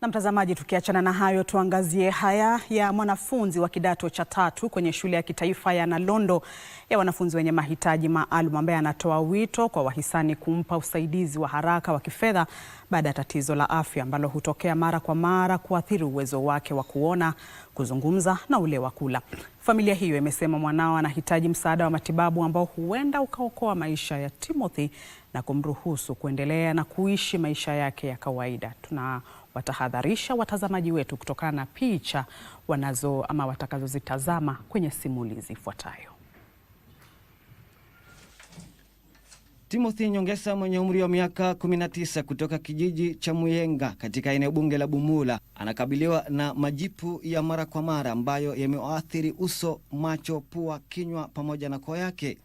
Na mtazamaji, tukiachana na hayo, tuangazie haya ya mwanafunzi wa kidato cha tatu kwenye shule ya kitaifa ya Nalondo ya wanafunzi wenye mahitaji maalum ambaye anatoa wito kwa wahisani kumpa usaidizi wa haraka wa kifedha baada ya tatizo la afya ambalo hutokea mara kwa mara kuathiri uwezo wake wa kuona, kuzungumza na ule wa kula. Familia hiyo imesema mwanao anahitaji msaada wa matibabu ambao huenda ukaokoa maisha ya Timothy na kumruhusu kuendelea na kuishi maisha yake ya kawaida. Tunawatahadharisha watazamaji wetu kutokana na picha wanazo ama watakazozitazama kwenye simulizi ifuatayo. Timothy Nyongesa mwenye umri wa miaka 19 kutoka kijiji cha Muyenga katika eneo bunge la Bumula anakabiliwa na majipu ya mara kwa mara ambayo yameathiri uso, macho, pua, kinywa pamoja na koo yake.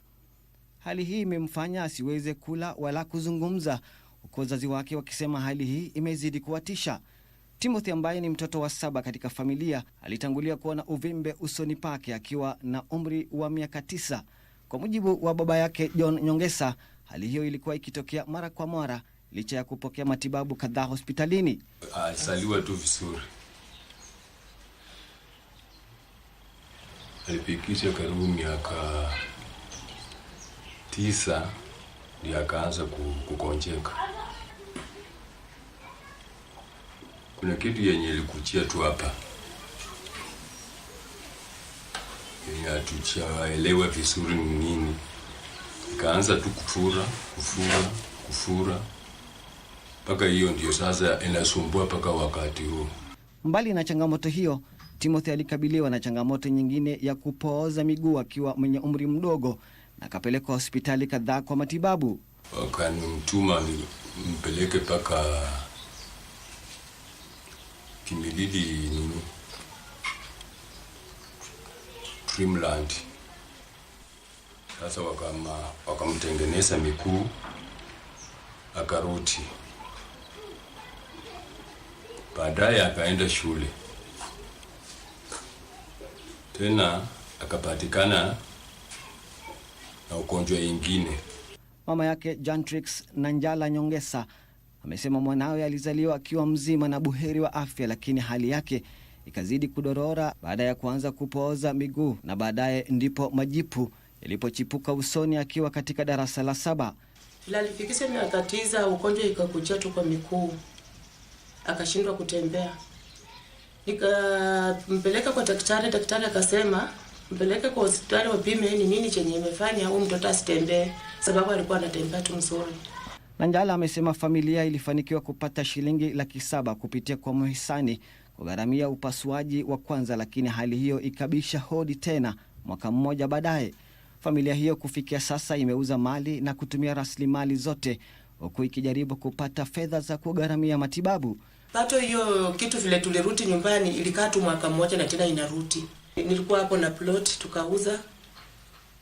Hali hii imemfanya asiweze kula wala kuzungumza, huku wazazi wake wakisema hali hii imezidi kuwatisha. Timothy ambaye ni mtoto wa saba katika familia alitangulia kuona uvimbe usoni pake akiwa na umri wa miaka tisa. Kwa mujibu wa baba yake John Nyongesa, hali hiyo ilikuwa ikitokea mara kwa mara licha ya kupokea matibabu kadhaa hospitalini. Alisaliwa tu vizuri, alifikisha karibu miaka tisa ndio akaanza kukonjeka. Kuna kitu yenye ilikuchia tu hapa yenye hatuchaelewa vizuri ni nini, ikaanza tu kufura kufura kufura mpaka hiyo ndio sasa inasumbua mpaka wakati huu. Mbali na changamoto hiyo, Timothy alikabiliwa na changamoto nyingine ya kupooza miguu akiwa mwenye umri mdogo na akapelekwa hospitali kadhaa kwa matibabu. Wakanimtuma mpeleke mpaka Kimilili nini Dreamland. Sasa wakamtengeneza miguu akaruti Baadaye akaenda shule tena akapatikana na ugonjwa ingine. Mama yake Jantrix Nanjala Nyongesa amesema mwanawe alizaliwa akiwa mzima na buheri wa afya, lakini hali yake ikazidi kudorora baada ya kuanza kupooza miguu na baadaye ndipo majipu yalipochipuka usoni akiwa katika darasa la saba. Lalifikisha miaka tisa, ugonjwa ikakuja tu kwa mikuu akashindwa kutembea. Nikampeleka kwa daktari, daktari akasema mpeleke kwa hospitali wapime ni nini chenye imefanya huyu mtoto asitembee, sababu alikuwa anatembea tu mzuri. Nanjala amesema familia ilifanikiwa kupata shilingi laki saba kupitia kwa mhisani kugharamia upasuaji wa kwanza, lakini hali hiyo ikabisha hodi tena mwaka mmoja baadaye. Familia hiyo kufikia sasa imeuza mali na kutumia rasilimali zote huku ikijaribu kupata fedha za kugharamia matibabu. Pato hiyo kitu vile tuliruti nyumbani ilikaa tu mwaka mmoja na tena inaruti. Nilikuwa hapo na plot tukauza.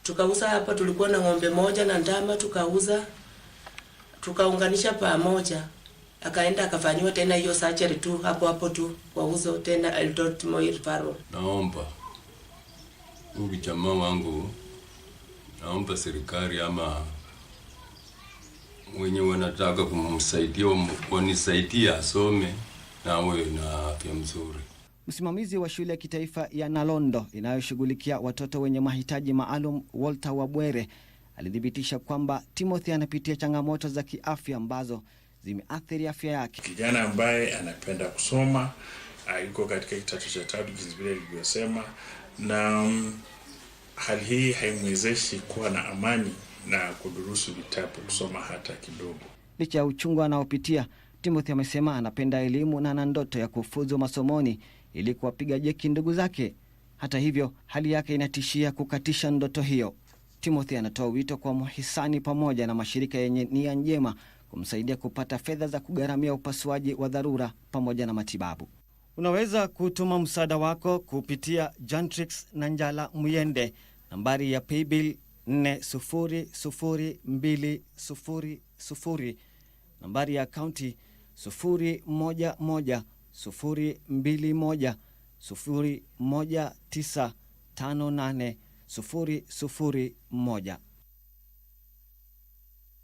Tukauza hapo tulikuwa na ng'ombe moja na ndama tukauza. Tukaunganisha pamoja. Akaenda akafanywa tena hiyo surgery tu hapo hapo tu kwa uzo tena Eldot Moir Faro. Naomba Ubi jamaa wangu naomba serikali ama wenye wanataka kumsaidia wanisaidia asome na awe na afya mzuri. Msimamizi wa shule ya kitaifa ya Nalondo inayoshughulikia watoto wenye mahitaji maalum Walter Wabwere alithibitisha kwamba Timothy anapitia changamoto za kiafya ambazo zimeathiri afya yake. Kijana ambaye anapenda kusoma ah, yuko katika kidato cha tatu jinsi vile ilivyosema na mm, hali hii haimwezeshi kuwa na amani na kudurusu vitabu, kusoma hata kidogo. Licha ya uchungu anaopitia, Timothy amesema anapenda elimu na ana ndoto ya kufuzu masomoni ili kuwapiga jeki ndugu zake. Hata hivyo, hali yake inatishia kukatisha ndoto hiyo. Timothy anatoa wito kwa mhisani pamoja na mashirika yenye nia njema kumsaidia kupata fedha za kugharamia upasuaji wa dharura pamoja na matibabu. Unaweza kutuma msaada wako kupitia Jantrix na Njala Muyende, nambari ya paybill nne sufuri sufuri mbili sufuri sufuri. Nambari ya akaunti sufuri moja moja sufuri mbili moja sufuri moja tisa tano nane sufuri sufuri moja.